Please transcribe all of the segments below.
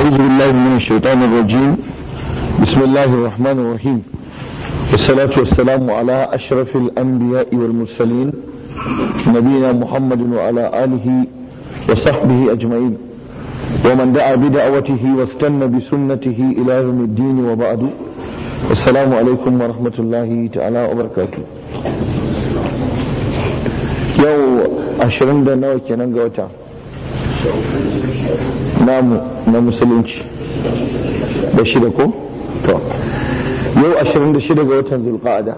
أعوذ بالله من الشيطان الرجيم بسم الله الرحمن الرحيم والصلاة والسلام على أشرف الأنبياء والمرسلين نبينا محمد وعلى آله وصحبه أجمعين ومن دعا بدعوته واستنى بسنته إلى يوم الدين وبعد السلام عليكم ورحمة الله تعالى وبركاته يو عشرين دنوة كنان namu na musulunci da shida ko to yau 26 ga watan zulqa'ada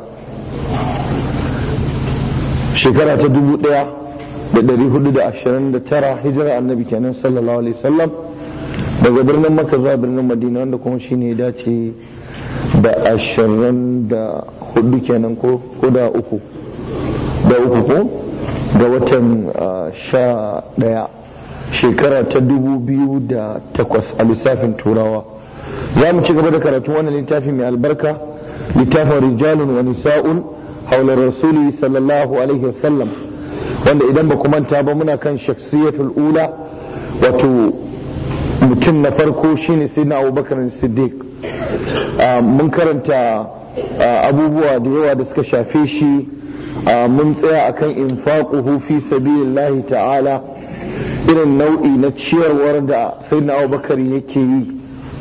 shekara ta dubu daya da dari hudu da ashirin da tara hijira annabi kenan sallallahu alaihi wasallam daga birnin makka zuwa birnin madina wanda kuma shine ya dace da ashirin da hudu kenan ko da uku da uku ko da watan ah, sha daya shekara ta dubu biyu da takwas a lissafin turawa za mu ci gaba da karatu wannan littafi mai albarka littafin rijalun wa nisa'un haular rasuli sallallahu alaihi wasallam wanda idan ba manta ba muna kan shaksiyatul ula wato mutum na farko shine sayyidina abubakar siddiq ah, mun karanta ah, abubuwa da yawa da suka shafe shi ah, mun tsaya akan infaquhu fi sabilillahi ta'ala irin nau'i na ciyarwar da sayyidina abubakar yake yi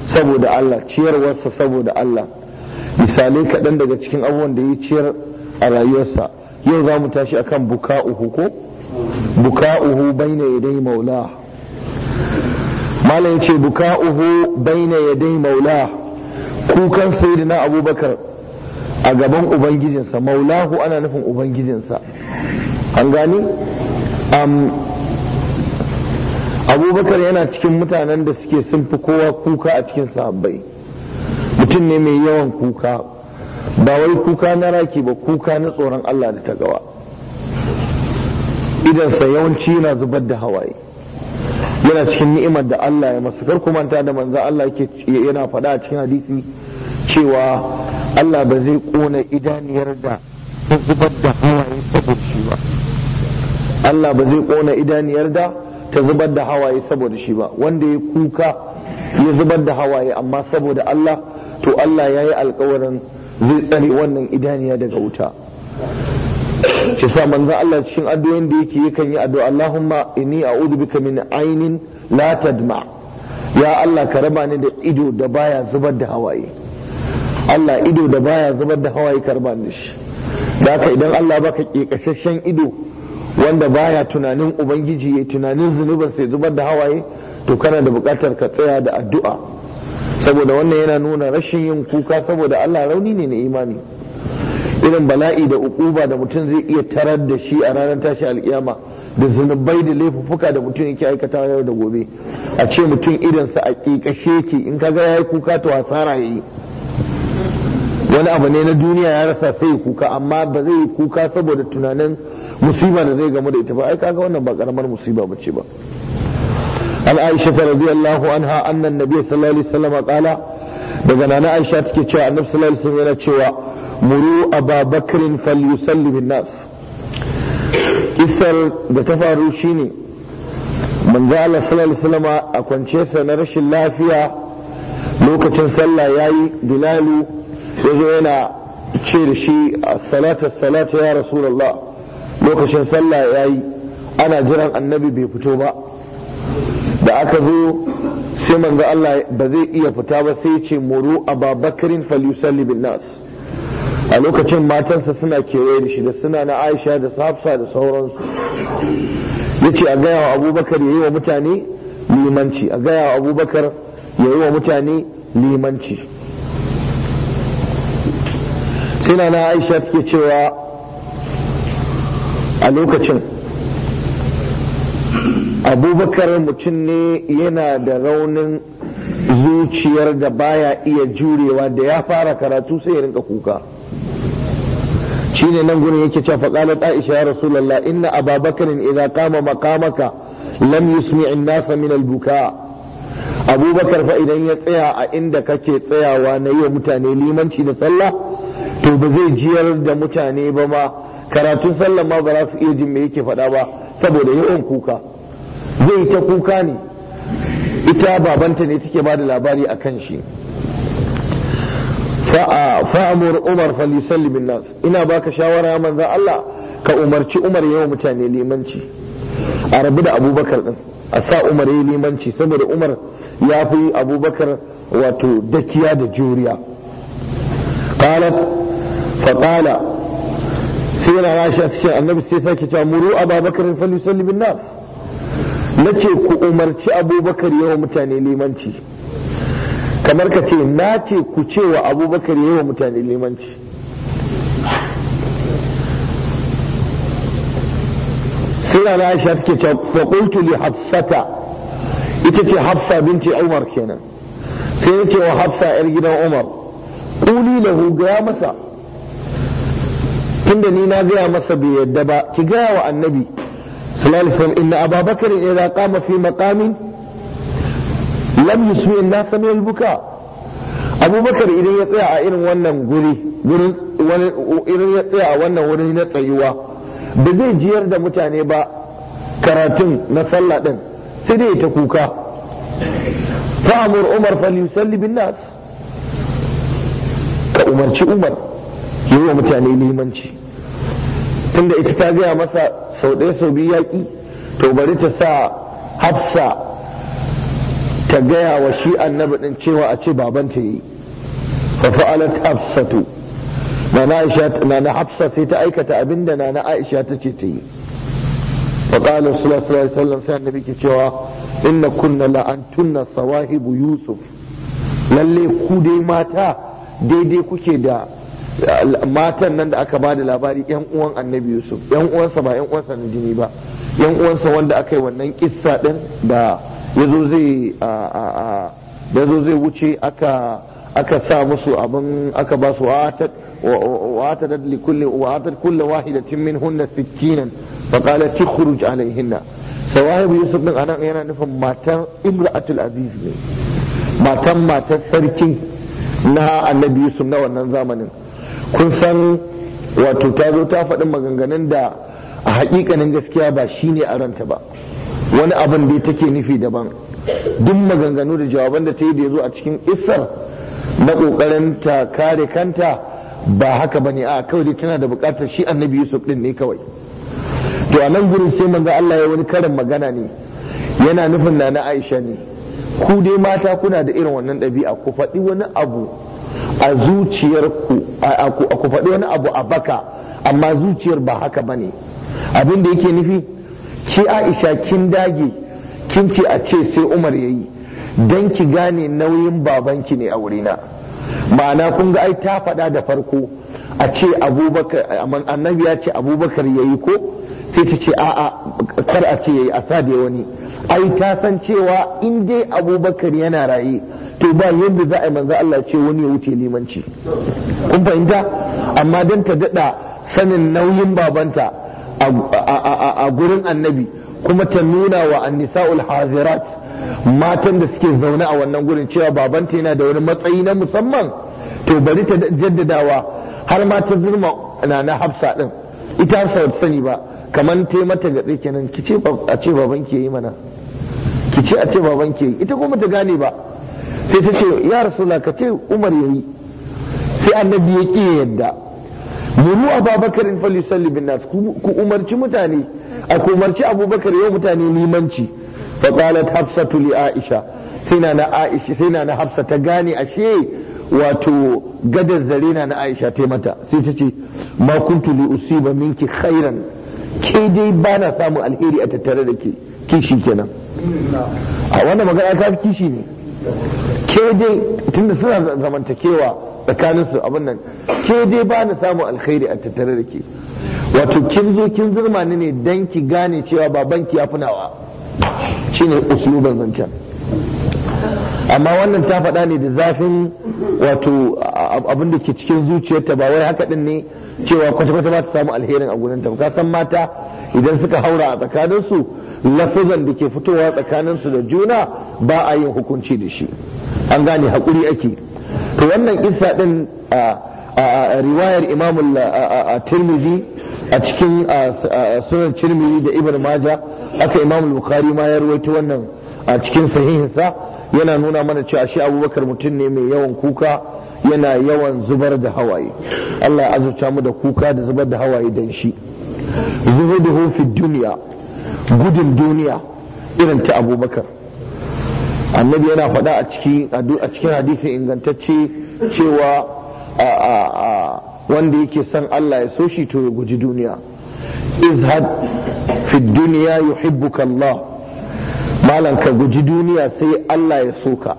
saboda Allah ciyarwarsa saboda Allah misalai kaɗan daga cikin abubuwan da ya ciyar a rayuwarsa yau za mu tashi akan buka'uhu ko buka'uhu baina yadai maula malam yace buka'uhu baina yadai maula kukan sayyidina abubakar a gaban ubangijinsa maulahu ana nufin ubangijinsa an gani abubakar yana cikin mutanen da suke sun fi kowa kuka a cikin sahabbai mutum ne mai yawan kuka ba wai kuka na raki ba kuka na tsoron Allah da ta gawa idansa yawanci yana zubar da hawaye yana cikin ni'imar da Allah ya masu kar da manza Allah yana faɗa a cikin hadisi cewa Allah ba zai ƙona idaniyar da ta zubar da hawaye saboda shi ba Allah ba zai ƙona idaniyar da ta zubar da hawaye saboda shi ba wanda ya kuka ya zubar da hawaye amma saboda Allah to Allah ya yi alkawarin zai tsare wannan idaniya daga wuta shi sa manzan Allah cikin addu'in da yake yakan yi addu'a Allahumma inni a'udhu bika min ainihin la tadma ya Allah ka raba ni da ido da baya zubar da hawaye Allah ido da baya zubar da hawaye ka raba ni da haka idan Allah baka kekashashen ido wanda baya tunanin ubangiji ya tunanin zunubin sai zubar da hawaye to kana da bukatar ka tsaya da addu'a saboda wannan yana nuna rashin yin kuka saboda Allah rauni ne na imani irin bala'i da ukuba da mutum zai iya tarar da shi a ranar tashi alkiyama da zunubai da laifuffuka da mutum yake aikata yau da gobe a ce mutum sa a kikashe ki in ka ga yayi kuka to hasara yayi wani abu ne na duniya ya rasa sai kuka amma ba zai kuka saboda tunanin musiba da zai gamu da ita ba ai kaga wannan ba karamar musiba bace ba aisha ta radiyallahu anha annan nabi sallallahu alaihi wasallam qala daga nana aisha take cewa annabi sallallahu alaihi wasallam yana cewa muru ababakrin falyusalli bin nas kisar da ta faru shine manzo Allah sallallahu alaihi wasallam a kwance sa na rashin lafiya lokacin sallah yayi bilalu yazo yana ce da shi as-salatu salatu ya rasulullah lokacin sallah ya yi ana jiran annabi bai fito ba da aka zo sai manzo Allah ba zai iya fita ba sai ce muru ababakarin falyusalli bin nas a lokacin matansa suna kewaye da shi da suna na aisha da hafsa da sauransu ce a gaya wa abubakar ya yi wa mutane limanci a gaya wa abubakar ya yi wa mutane limanci sai na aisha take cewa a lokacin abubakar mutum ne yana da raunin zuciyar da baya iya jurewa da ya fara karatu sai ya rinka kuka shine nan gurin yake cewa faqalat aisha ya rasulullah inna ababakar idza qama maqamaka lam yusmi' an-nas min al-buka abubakar fa idan ya tsaya a inda kake tsayawa na yi wa mutane limanci da sallah to ba zai jiyar da mutane ba ma karatun sallar ma ba za su iya jin me yake faɗa ba saboda yawan kuka zai ta kuka ne ita babanta ne take ba da labari a kan shi fa'amur umar Fali bin nas ina baka shawara manzan Allah ka umarci umar yawan mutane limanci a rabu da abubakar din a sa umar yi limanci saboda umar ya fi abubakar wato dakiya da juriya قالت فقال sai yana rashi a cikin annabi sai sake cewa muru ababakar fal yusalli bin nas nace ku umarci abubakar yawa mutane limanci kamar ka ce na ce ku cewa abubakar yawa mutane limanci sai yana a cikin cewa li hafsata ita ce hafsa binti umar kenan sai ya ce wa hafsa yar gidan umar ƙuli lahu gaya masa da ni na gaya masa bai yadda ba ki gaya wa annabi sallallahu inna ababakar idza qama fi maqamin lam yusmi an-nas min al-buka abubakar idan ya tsaya a irin wannan guri gurin ya tsaya a wannan wurin na tsayuwa Da zai jiyar da mutane ba karatun na sallah din sai dai ta kuka fa'amur umar falyusalli bin nas ka umarci umar yi wa mutane limanci tunda ita ta gaya masa sau ɗaya sau biyu yaƙi to bari ta sa hafsa ta gaya wa shi annabi ɗin cewa a ce babanta yi fa fa'alat hafsatu nana aisha na hafsa sai ta aikata abinda na aisha ta ce ta yi wa qala sallallahu alaihi wasallam sai annabi ke cewa inna kunna la antunna sawahibu yusuf lalle ku dai mata daidai kuke da matan nan da aka bada labari yan uwan annabi yusuf yan uwansa ba yan uwansa na jini ba yan uwansa wanda aka yi wannan kissa din da ya zai da zo zai wuce aka aka sa musu abin aka ba su watar watar da likulli watar kulle wahi da timmin hunna sikinan fa kala ci khuruj alaihinna yusuf din anan yana nufin matan imra'atul aziz ne matan matar sarkin na annabi yusuf na wannan zamanin kun san wato ta zo ta faɗi maganganun da a hakikanin gaskiya ba shi ne a ranta ba wani abin da take nufi daban duk maganganu da jawaban da ta yi da ya zo a cikin isar na ƙoƙarin ta kare kanta ba haka ba ne a kawai dai tana da buƙatar shi annabi yusuf ɗin ne kawai to a nan gurin sai manzo Allah ya wani karin magana ne yana nufin na na Aisha ne ku dai mata kuna da irin wannan ɗabi'a ku faɗi wani abu a zuciyarku ku faɗi wani abu a baka amma zuciyar ba haka bane abin da yake nufi ki aisha kin dage kin ce a ce sai umar ya yi don ki gane nauyin babanki ne a wuri na. ma'ana kun ga ai ta faɗa da farko a ce abubakar annabi ya ce abubakar ya yi ko sai ta ce a'a kar a ce ya yi a wani ai ta san cewa in dai abubakar yana raye to ba yadda za a yi manzo Allah ce wani ya wuce limanci kun fahimta amma dan ta dada sanin nauyin babanta a gurin annabi kuma ta nuna wa annisa'ul hazirat matan da suke zaune a wannan gurin cewa babanta yana da wani matsayi na musamman to bari ta jaddadawa har ma ta zurma na na hafsa din ita hafsa sani ba kamar te mata gaɗe kenan ki ce a ce baban ke yi mana ki ce a ce baban ke ita kuma ta gane ba sai ta ce ya rasula ka ce umar yayi sai annabi ya ki yadda muru abubakar in fali salli bin nas ku umarci mutane a ku umarci abubakar yau mutane limanci fa qalat hafsatu li aisha sai na na aisha sai na na hafsa ta gane ashe wato gadar zare na na aisha ta mata sai ta ce ma kuntu li usiba minki khairan ke dai bana samun alheri a tattare da ke kishi kenan a wannan magana ta fi kishi ne ke dai tunda suna zamantakewa tsakaninsu abin nan ke dai ba na samun alkhairi a tattare da ke wato kin zo kin zurma ne dan ki gane cewa baban babanki ya funawa shine usluban zancen amma wannan ta faɗa ne da zafin wato abin da ke cikin zuciyarta ba wai haka din ne cewa kwata-kwata ba ta samu alherin a gurin ta ka san mata idan suka haura a tsakaninsu lafazan da ke fitowa tsakaninsu da juna ba a yin hukunci da shi an gane haƙuri ake to wannan isa ɗin a riwayar a tirmidhi a cikin sunan tirmidhi da ibn maja aka imam bukhari ma ya rawaito wannan a cikin sahihinsa yana nuna mana cewa shi abubakar mutum ne mai yawan kuka yana yawan zubar da hawaye Allah ya azurta mu da kuka da zubar da hawaye dan shi zuhuduhu fi duniya gudun duniya irin ta abubakar annabi yana faɗa a cikin a cikin hadisi ingantacce cewa wanda yake son Allah ya so shi to ya guji duniya izhad fi duniya yuhibbuka Allah malan ka guji duniya sai Allah ya so ka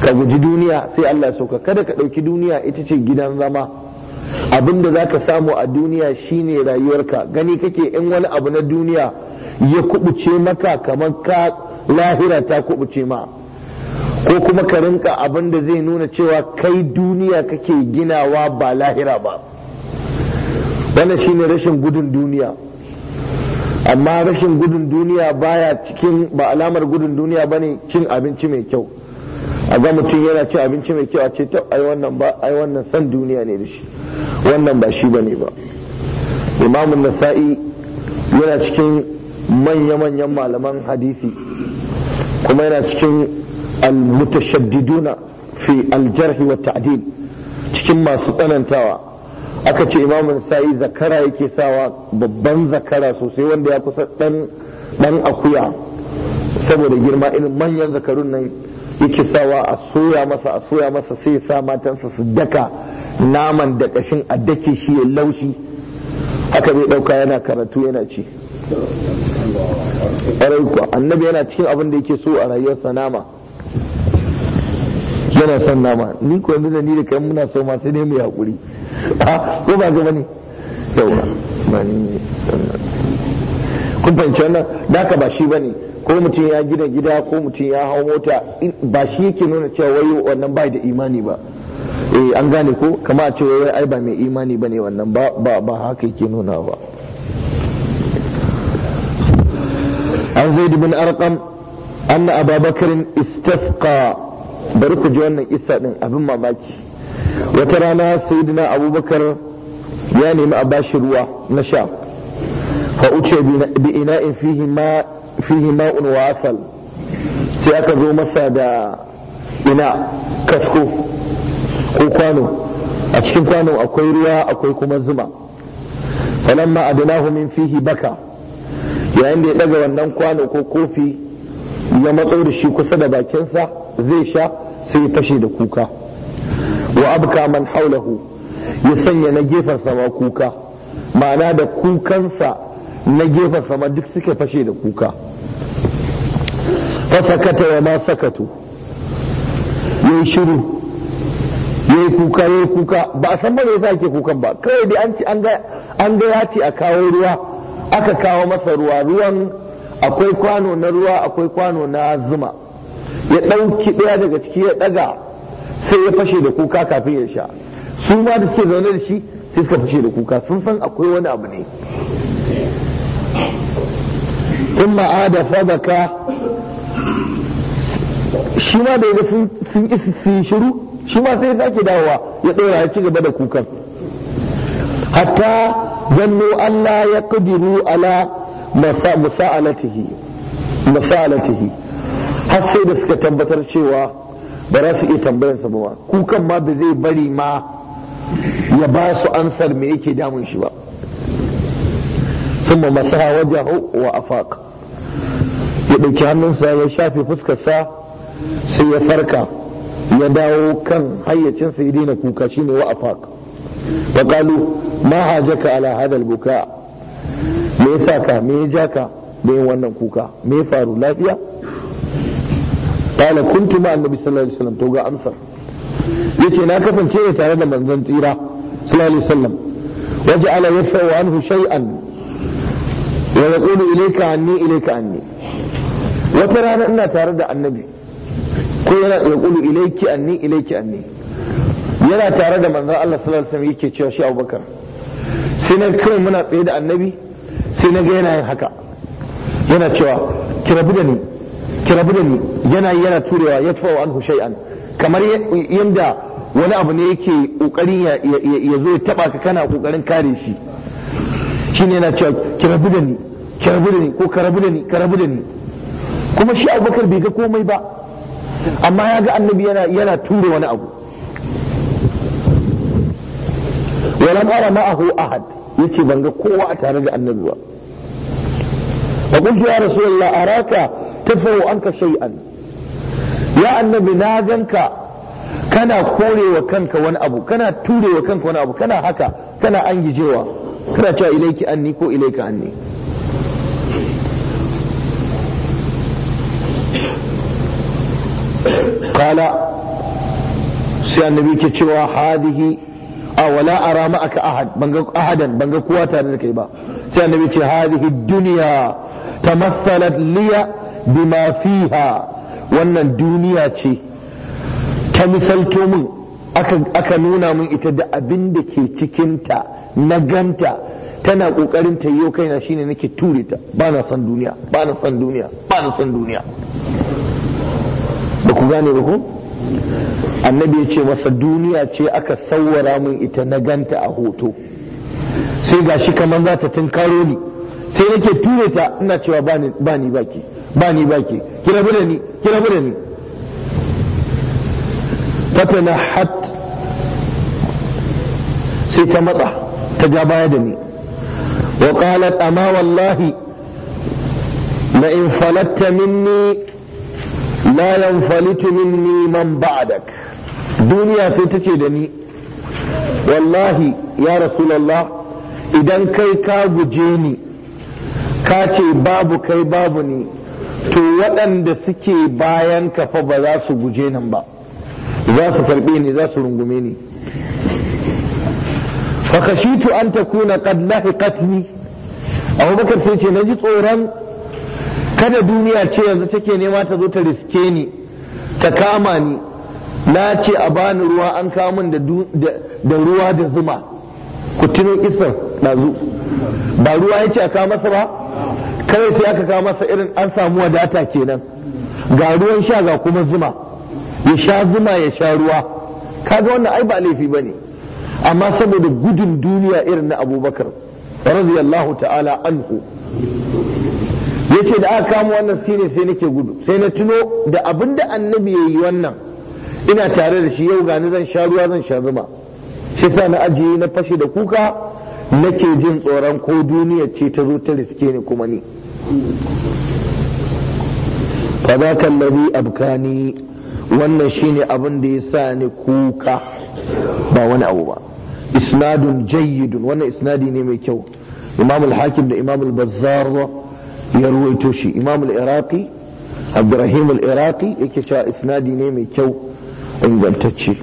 ka guji duniya sai Allah so kada ka ɗauki duniya ita ce gidan zama abin da za ka samu a duniya shine rayuwarka gani kake in wani abu na duniya ya kubuce maka kamar ka lahira ta kubuce ma ko kuma ka rinka abin da zai nuna cewa kai duniya kake ginawa ba lahira ba wannan shine rashin gudun duniya amma rashin gudun duniya baya cikin ba alamar gudun duniya bane cin abinci mai kyau a ga mutum yana ci abinci mai kyau a ce to ai wannan ba ai wannan san duniya ne da shi wannan ba shi bane ba imamu nasa'i yana cikin manya-manyan malaman hadisi kuma yana cikin al-mutashaddiduna fi al-jarh wa ta'dil cikin masu tsanantawa aka ce imamu nasa'i zakara yake sawa babban zakara sosai wanda ya kusa dan dan akuya saboda girma irin manyan zakarun nan yake sawa a soya masa a soya masa sai sa matansa su daka naman da kashin a dake shi ya laushi haka bai dauka yana karatu yana ci ƙwarai ku annabi yana cikin abin da yake so a rayuwarsa nama yana son nama ni ko yanzu da ni da kai muna so ma sai haƙuri. mu hakuri a ko ba ga bane yawa kun fahimci wannan da ka ba shi bane ko mutum ya gina gida ko mutum ya hau mota ba shi yake nuna cewa wai wannan bai da imani ba eh an gane ko kama a cewa wai ai ba mai imani bane wannan ba ba ba haka yake nuna ba an zaid bin arqam anna ababakar istasqa bari ku ji wannan kissa din abin mamaki wata rana sayyidina abubakar ya nemi a bashi ruwa na sha fa uce bi ina'in fihi ma fihi ma'un wa sai aka zo masa da ina kasko ko kwano a cikin kwano akwai ruwa akwai kuma zuma falamma adnahu min fihi baka yayin da ya daga wannan kwano ko kofi ya matso da shi kusa da bakinsa zai sha sai ya fashe da kuka wa abka man haulahu ya sanya na gefen ma kuka ma'ana da kukansa na gefen sama duk suka fashe da kuka sakata ya ma sakatu ya yi shiru ya yi kuka ya yi kuka ba a san bane ya ke kukan ba kawai dai an ci an ga ya ce a kawo ruwa aka kawo masa ruwa ruwan akwai kwano na ruwa akwai kwano na zuma ya ɗauki ɗaya daga ciki ya ɗaga sai ya fashe da kuka kafin ya sha su ma da suke zaune da shi sai suka fashe da kuka sun san akwai wani abu ne thumma ada fabaka shi ma da yaga sun sun shiru shi ma sai sake dawowa ya ɗora ya ci gaba da kukan hatta zanno Allah ya kudiru ala masa'alatihi masa'alatihi har sai da suka tabbatar cewa ba za su iya tambayarsa ba kukan ma ba zai bari ma ya ba su ansar me yake damun shi ba ثم مسح وجهه وأفاق ya ɗauki hannunsa ya shafe fuskarsa sai ya farka ya dawo kan hayyacinsa ya daina kuka shine wa afaq fa qalu ma hajaka ala hada buka me yasa ka me ya ja ka da yin wannan kuka me ya faru lafiya qala kuntu ma annabi sallallahu alaihi wasallam to ga amsar yace na kasance ne tare da manzon tsira sallallahu alaihi wasallam waja'ala yafa'u anhu shay'an wa yaqulu ilayka anni ilayka anni wata rana ina tare da annabi ko yana ya kulu ilaiki anni ilaiki anni yana tare da manzo Allah sallallahu alaihi wasallam yake cewa shi Abubakar sai na kai muna tsaye da annabi sai na ga yana yin haka yana cewa ki rabu da ni ki rabu da ni yana yana turewa ya tafawa anhu shay'an kamar yanda wani abu ne yake kokarin ya zo ya taba ka kana kokarin kare shi shine yana cewa ki rabu da ni ki rabu da ni ko ka rabu da ni ka rabu da ni kuma shi abubakar bai ga komai ba amma ya ga annabi yana yana tura wani abu walam ara ma'ahu ahad yace ban ga kowa a tare da annabi ba fa qultu ya rasulullah araka anka shay'an ya annabi na ganka kana korewa kanka wani abu kana turewa kanka wani abu kana haka kana angijewa kana cewa ilaiki anni ko an anni kala sai annabi ke cewa hadihi a wala ara ma'aka ahad banga ahadan banga tare da kai ba sai annabi ce hadihi duniya tamassalat liya dimafiha wannan duniya ce ta misalto min aka nuna min ita da abin da ke cikinta na ganta tana kokarin ta kaina shine nake ture ta ba na san duniya ba na san duniya ba na san duniya ku gane ku annabi ya ce masa duniya ce aka sawwara min ita na ganta a hoto sai gashi kamar za ta tunkaro ni sai nake ture ta ina cewa ba ni baki ba ni baki ki rabu da ni ki rabu da ni fatana hat sai ta matsa ta ja baya da ni wa qalat amma wallahi la in falatta minni la yanfalitu minni man ba'dak duniya sai ta ce da ni wallahi ya rasulallah idan kai ka guje ni ka ce babu kai babu ni to waɗanda suke bayan kafa ba za su guje nan ba za su karɓe ni za su rungume ni fakashitu an takuna qad lahiqatni abubakar sai ce naji tsoron kada duniya ce yanzu take nema ta zo ta riske ni ta kama ni na ce a bani ruwa an kamun da ruwa da zuma ku tuno isar ɗazu ba ruwa ya ce a kama masa ba kawai sai aka kama masa irin an samu wadata kenan ga ruwan sha ga kuma zuma ya sha zuma ya sha ruwa kaga wannan ai ba laifi ba ne amma saboda gudun duniya irin na abubakar radiyallahu ta'ala anhu ya ce da aka kama wannan shine sai nake gudu sai na tuno da abin da annabi yi wannan ina tare da shi yau gani zan sha ruwa zan sha zuma shi sa na ajiye na fashe da kuka nake jin tsoron ko duniya ce ta zo ta riske ni kuma ni fadaka alladhi abkani wannan shine abin da ya sa ni kuka ba wani abu ba isnadun jayyidun wannan isnadi ne mai kyau imamul hakim da imamul bazzar ya ruwaito shi imam al-iraqi abdurrahim al-iraqi yake cewa isnadi ne mai kyau ingantacce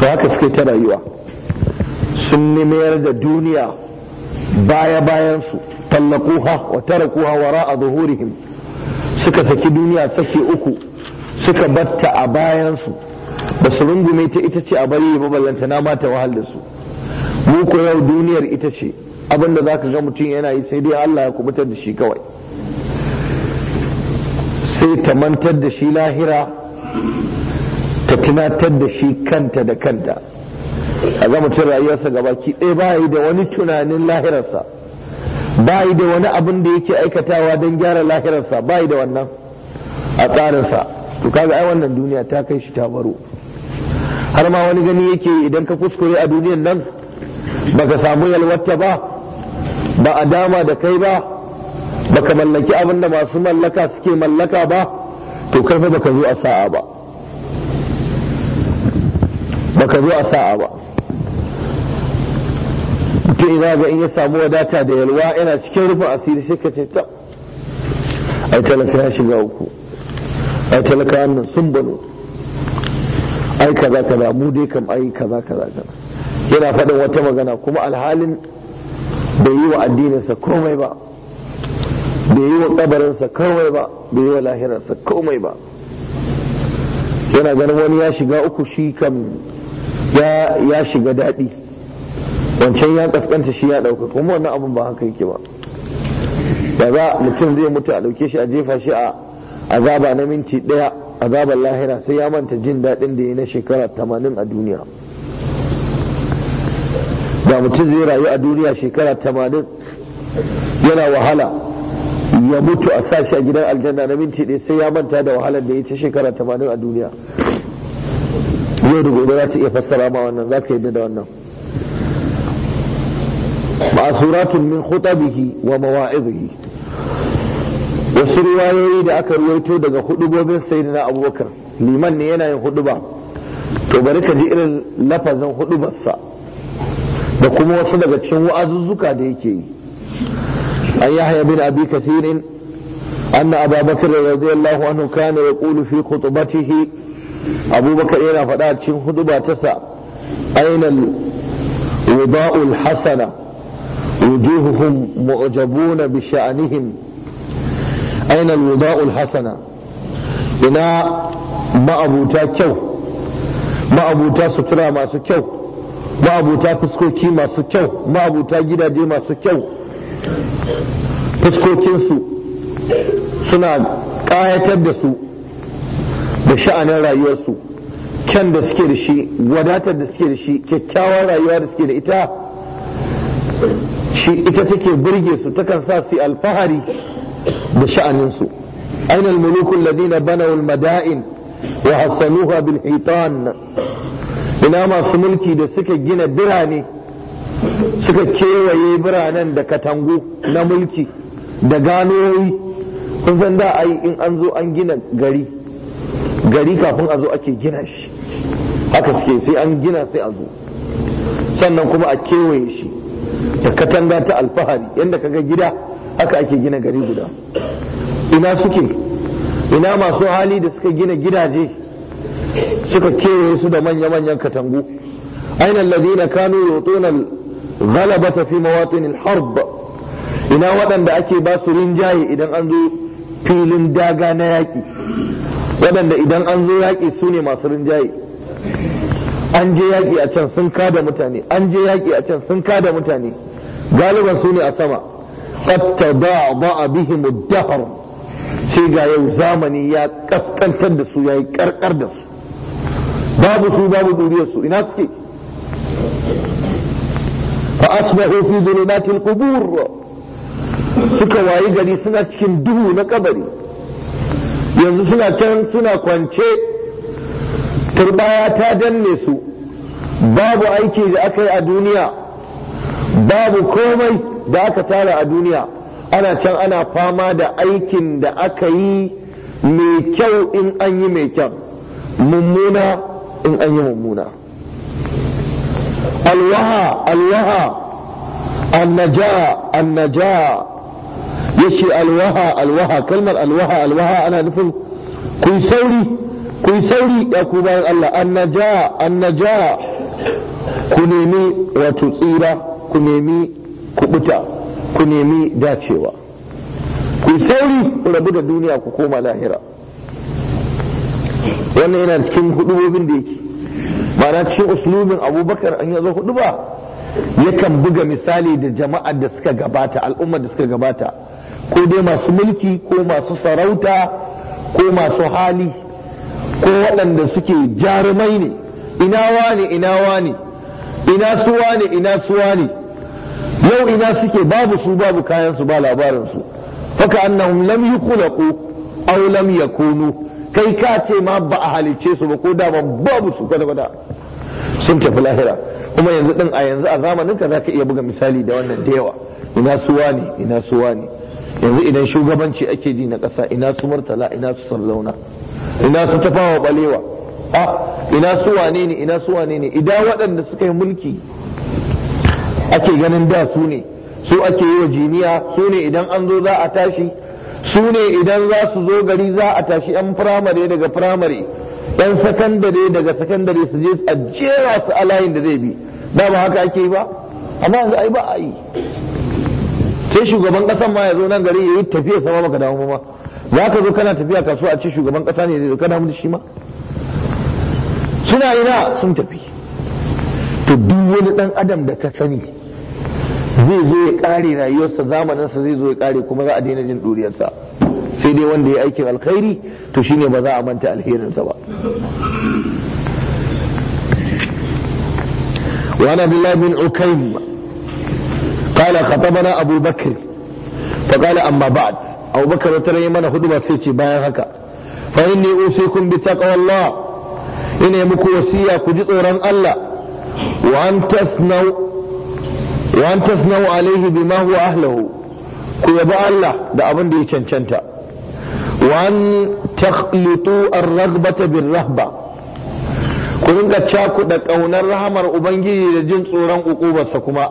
to haka suke ta rayuwa sun nimayar da duniya baya bayansu su tallaquha wa tarakuha wara'a zuhurihim suka saki duniya sake uku suka batta a bayansu ba su rungume ta ita ce a bari ba ballanta na mata wahal da su mu yau duniyar ita ce abin da ka ga mutum yana yi sai dai Allah ya kubutar da shi kawai sai ta mantar da shi lahira ta tunatar da shi kanta da kanta a ga mutum rayuwarsa gabaki ɗaya ba yi da wani tunanin lahirarsa ba yi da wani abin da yake aikatawa don gyara lahirarsa ba yi da wannan a tsarinsa to kaga ai wannan duniya ta kai shi ta baro har ma wani gani yake idan ka kuskure a duniyan nan baka samu yalwata ba ba a dama da kai ba baka mallaki abin da masu mallaka suke mallaka ba to kai fa baka zo a sa'a ba baka zo a sa'a ba mutum ina ga in ya samu wadata da yalwa yana cikin rufin asiri shi ka ce ta ai talaka ya shiga uku ai talaka nan sun bano ai kaza kaza mu dai kam ai kaza kaza yana faɗin wata magana kuma alhalin bai yi wa addininsa komai ba bai yi wa kabarinsa komai ba bai yi wa lahirarsa komai ba yana ganin wani ya shiga uku shi kam ya shiga daɗi wancan ya kaskanta shi ya ɗauka kuma wannan abin ba haka yake ba da za mutum zai mutu a ɗauke shi a jefa shi a azaba na minti ɗaya azabar lahira sai ya manta jin daɗin da ya na shekara tamanin a duniya da mutum zai rayu a duniya shekara tamanin yana wahala ya mutu a sashi a gidan aljanna na minti ɗaya sai ya manta da wahalar da ya ce shekara tamanin a duniya yau da gobe za ta iya fassara ma wannan za ka yadda da wannan ma'asuratun min khutabihi wa mawa'izihi wasu riwayoyi da aka ruwaito daga hudubobin sayyidina abubakar liman ne yana yin ba to bari ka ji irin lafazin hudubarsa da kuma wasu daga cikin wa'azuzzuka da yake yi an yahya bin abi kathirin anna ababakar radiyallahu anhu kana yaqulu fi khutbatihi abubakar yana faɗa cikin huduba ta sa ainal wada'ul hasana wujuhuhum mu'jabuna bi sha'anihim ainal wada'ul hasana ina ma'abuta kyau ma'abuta sutura masu kyau ma'abuta fuskoki masu kyau ma'abuta gidaje masu kyau fuskokinsu suna ƙayatar da su da sha'anin rayuwarsu kyan da suke da shi wadatar da suke da shi kyakkyawar rayuwa da suke da ita shi ita take burge su takan sa su alfahari da sha'aninsu ainihin mulukun ladina banawul mada'in wa hassanuha bil hitan ina masu mulki da suka gina birane suka kewaye biranen da katangu na mulki da ganoyi kun san da ai in an zo an gina gari gari kafin a zo ake gina shi haka suke sai an gina sai a zo sannan kuma a kewaye shi da katanga ta alfahari yadda kaga gida haka ake gina gari guda ina suke ina masu hali da suka gina gidaje suka kewaye su da manya-manyan katangu aina Kano kanu yutuna al ta fi mawatin al-harb ina waɗanda ake ba su rinjaye idan an zo filin daga na yaƙi waɗanda idan an zo yaƙi su ne masu rinjaye an je yaƙi a can sun kada mutane an je yaƙi a can sun da mutane galiban su ne a sama a ba a bihi dahr sai ga yau zamani ya ƙasƙantar da su yayi ƙarƙar da su babu su babu su ina suke fa asbahu fi dhulumatil qubur suka wayi gari suna cikin duhu na kabari yanzu suna can suna kwance turbaya ta danne su babu aiki da aka yi a duniya babu komai da aka tara a duniya ana can ana fama da aikin da aka yi mai kyau in an yi mai kyau mummuna ان ايهمونا الوها الوها النجاة النجاة يشي الوها الوها كلمة الوها الوها انا نفل كي سوري كي سوري يا كوبان الله النجاة النجاة كنيمي وتصيرة كنيمي كبتا كنيمي داتشيوا كي سوري ولا بد الدنيا كوكوما لاهره wannan yana cikin hudubobin da yake na cikin uslubin abubakar an yanzu hudu ba yakan buga misali da jama'ar da suka gabata al'ummar da suka gabata ko dai masu mulki ko masu sarauta ko masu hali ko waɗanda suke jarumai ne ina wane ina wane ina suwa ne ina suwa ne yau ina suke babu su babu kayan su ba labarin su faka annahum lam yukhlaqu aw lam yakunu kai ka ce ma ba a halice su ba ko da ba babu su kwata-kwata sun tafi lahira kuma yanzu din a yanzu a zamanin ka ka iya buga misali da wannan da yawa ina suwa ne ina suwa ne yanzu idan shugabanci ake ji na ƙasa ina su murtala ina su sallauna ina su tafawa balewa a ina su wane ne ina su wane ne idan waɗanda suka yi mulki ake ganin da su ne su ake yi wa jiniya su ne idan an zo za a tashi su ne idan za su zo gari za a tashi 'yan firamare daga firamare 'yan sakandare daga sakandare su je a jera su a layin da zai bi da ba haka ake yi ba amma yanzu ai ba a yi sai shugaban kasan ma ya zo nan gari ya yi tafiya sama maka damu ma za ka zo kana tafiya kasuwa a ce shugaban kasa ne zai zo kana mun shi ma suna ina sun tafi to duk wani dan adam da ka sani zai zo ya kare rayuwarsa zamaninsa zai zo ya kare kuma za a daina jin duriyarsa sai dai wanda ya aikin alkhairi to shine ba za a manta alherinsa ba وعن عبد الله بن عكيم قال خطبنا ابو بكر فقال اما بعد ابو بكر ترى من خدمه سيتي بايا هكا فاني اوصيكم بتقوى الله ان يمكو وصيه كجي الله وان تصنعوا wa tasnau alaihi bima huwa ahlahu ku yabi Allah da abin da ya cancanta wa an takhlitu ar-raghbata bir-rahba ku rinka cakuɗa ƙaunar rahamar ubangiji da jin tsoron ukubarsa kuma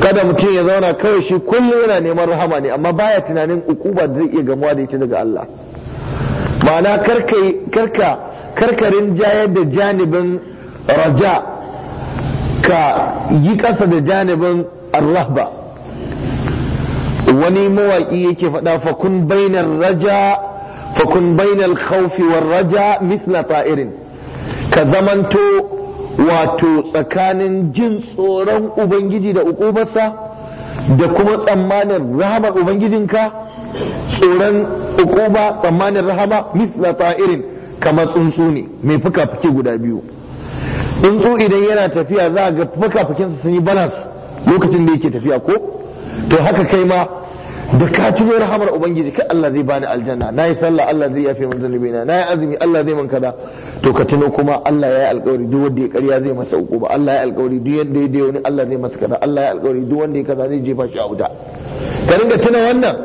kada mutum ya zauna kawai shi kullum yana neman rahama ne amma baya tunanin ukuba zai iya gamuwa da ita daga Allah ma'ana karka karkarin jayar da janibin raja ka yi ƙasa da janibin arrahba wani mawaƙi yake faɗa fakun bainar raja fakun bainar khawfi war raja misla ta'irin ka zamanto wato tsakanin jin tsoron ubangiji da ukubarsa da kuma tsammanin rahama ubangijinka tsoron ukuba tsammanin rahama misla ta'irin kamar tsuntsu ne mai fuka-fuki guda biyu tsuntsu idan yana tafiya za a ga fuka sun yi balans lokacin da yake tafiya ko to haka kai ma da ka tuno rahamar ubangiji kai Allah zai bani aljanna nayi sallah Allah zai yafe min zunubina nayi azumi Allah zai min kaza to ka tuno kuma Allah yayi alƙawari duk wanda ya ƙarya zai masa hukuma Allah yayi alƙawari duk yanda ya dai wani Allah zai masa kaza Allah yayi alƙawari duk wanda ya kaza zai jefa shi a wuta ka ringa tuna wannan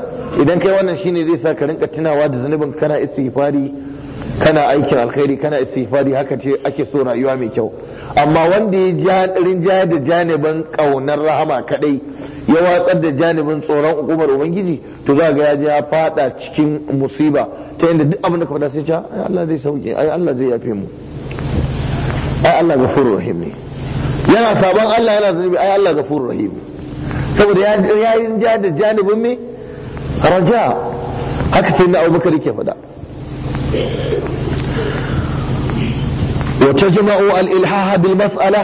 idan kai wannan shine zai sa ka rinka tunawa da zunubin kana istighfari kana aikin alkhairi kana istighfari haka ce ake so rayuwa mai kyau amma wanda ya ji rinjaya da janibin kaunar rahama kadai ya watsar da janibin tsoron hukumar ubangiji to za ga ya ji ya fada cikin musiba ta yadda duk abin da ka faɗa sai ce ai Allah zai sauke ai Allah zai yafe mu ai Allah gafuru rahim ne yana sabon Allah yana zunubi ai Allah gafuru rahim saboda ya yi rinjaya da janibin me raja haka sai na Abubakar yake faɗa wata jima'o ilhaha bil mas'ala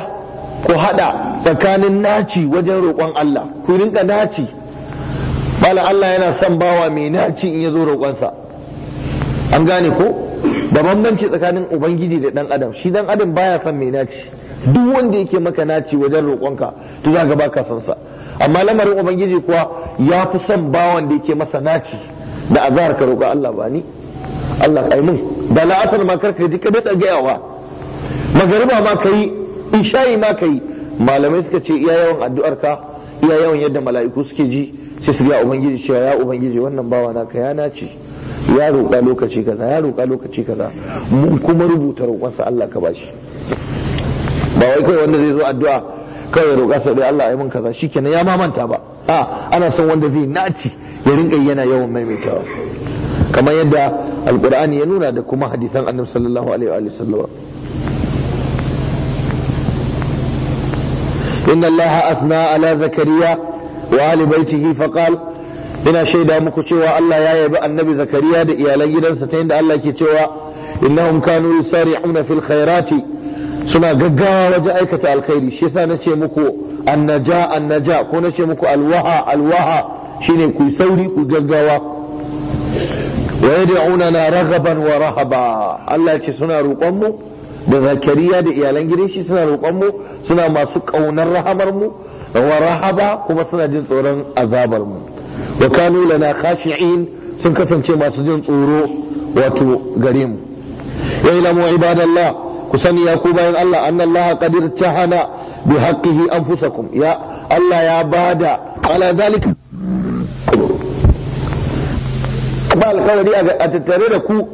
ku haɗa tsakanin naci wajen roƙon Allah ku rinka naci bala Allah yana son bawa mai naci in ya zo roƙonsa an gane ko da bambanci tsakanin ubangiji da ɗan adam shi ɗan adam baya son mai naci duk wanda yake maka naci wajen roƙonka to za ka baka son sa amma lamarin ubangiji kuwa ya fi son bawan da yake masa naci da azahar ka roƙa Allah ba ni Allah sai mun da la'asar ma karka ji ka daɗa gayawa magariba ma kai isha'i ma kai malamai suka ce iya yawan addu'ar ka iya yawan yadda mala'iku suke ji sai su ga ubangiji cewa ya ubangiji wannan bawa na ka yana ce ya roƙa lokaci kaza ya roƙa lokaci kaza mun kuma rubuta roƙonsa Allah ka bashi ba wai kai wanda zai zo addu'a kai ya roƙa sai Allah ya yi mun kaza shikenan ya ma manta ba a ana son wanda zai naci ya rinka yana yawan maimaitawa kamar yadda alkur'ani ya nuna da kuma hadisan annabi sallallahu alaihi wa sallam inna allaha athna ala zakariya wa ali baitihi ina shaida muku cewa Allah ya yabi annabi zakariya da iyalan gidansa ta yadda Allah ke cewa innahum kanu yusari'una fil khairati suna gaggawa wajen aikata alkhairi shi yasa nace muku annaja annaja ko nace muku alwaha alwaha shine ku sauri ku gaggawa ويدعوننا رغبا ورهبا الله يكي سنا روقمو da zakariya da iyalan gidan shi suna roƙon mu suna masu ƙaunar rahamar mu wa rahaba kuma suna jin tsoron azabar mu wa kanu lana khashi'in sun kasance masu jin tsoro wato gare mu ya ilamu ibadallah ku sani ya ku bayan Allah annallaha qadir tahana bi haqqihi anfusakum ya Allah ya bada ala zalika ba alkawari a tattare da ku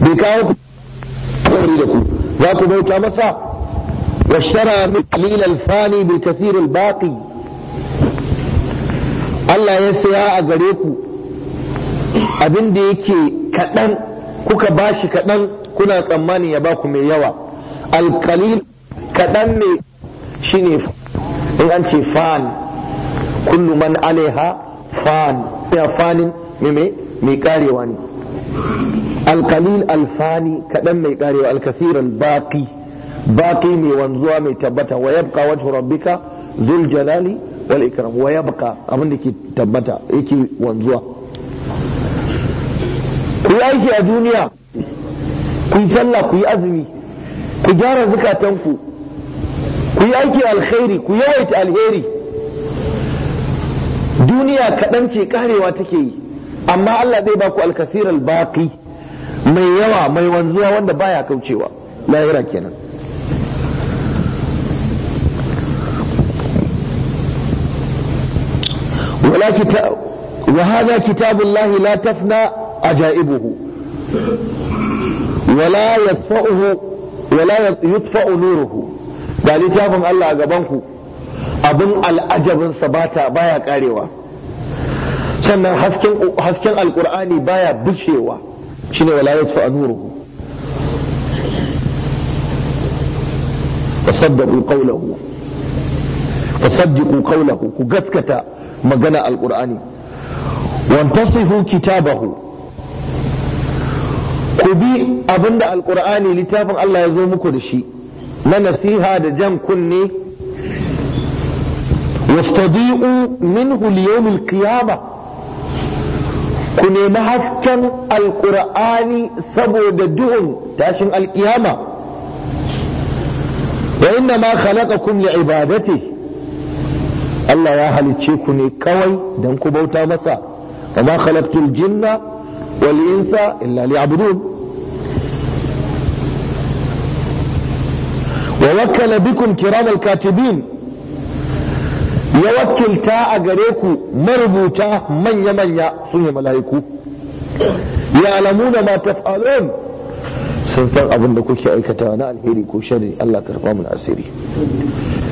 bai kawo ku alkawari da ku za ku bauta masa wa shara min qalil al-fani bi kathir al-baqi Allah ya saya a gare ku abin da yake kaɗan kuka bashi kaɗan kuna tsammani ya ba ku mai yawa alkalil kaɗan ne shine in an ce fan kullu man alaiha fan ya fanin meme mai karewa ne alkalil alfani kaɗan mai karewa alkasir albaqi baqi mai wanzuwa mai tabbata wa yabqa wajhu rabbika zul jalali wal ikram wa yabqa abin da ke tabbata yake wanzuwa ku yi aiki a duniya ku yi sallah ku yi azumi ku gyara zukatanku ku yi aiki alkhairi ku yawaita alheri duniya kaɗan ce karewa take yi amma Allah zai baku alkasir albaqi mai yawa mai wanzuwa wanda baya kaucewa lahira kenan ولا كتاب وهذا كتاب الله لا aja'ibuhu. Wala ولا يطفئه ولا يطفأ نوره da littafin Allah a gabanku abin sabata baya karewa sannan hasken hasken baya bushewa shine wala yasfa nuruhu fasaddaqu qawlahu fasaddiqu qawlahu ku gaskata magana alqur'ani wantasifu kitabahu ku bi abinda alƙur'ani littafin Allah ya zo muku da shi na nasiha da jan kunne wastadi'u minhu liyawmil qiyamah ku nemi hasken alkur'ani saboda duhun tashin alkiyama wa inna ma khalaqakum li ibadati Allah ya halicce ku ne kawai dan ku bauta masa wa ma khalaqtul jinna wal insa illa liya'budun wa wakkala bikum kiramal katibin ya wakilta a gare ku marubuta manya-manya sun yi mala'iku ya alamu da ma taf'alun sun san abin da kuke aikata na alheri ko shari'a Allah karfa mun asiri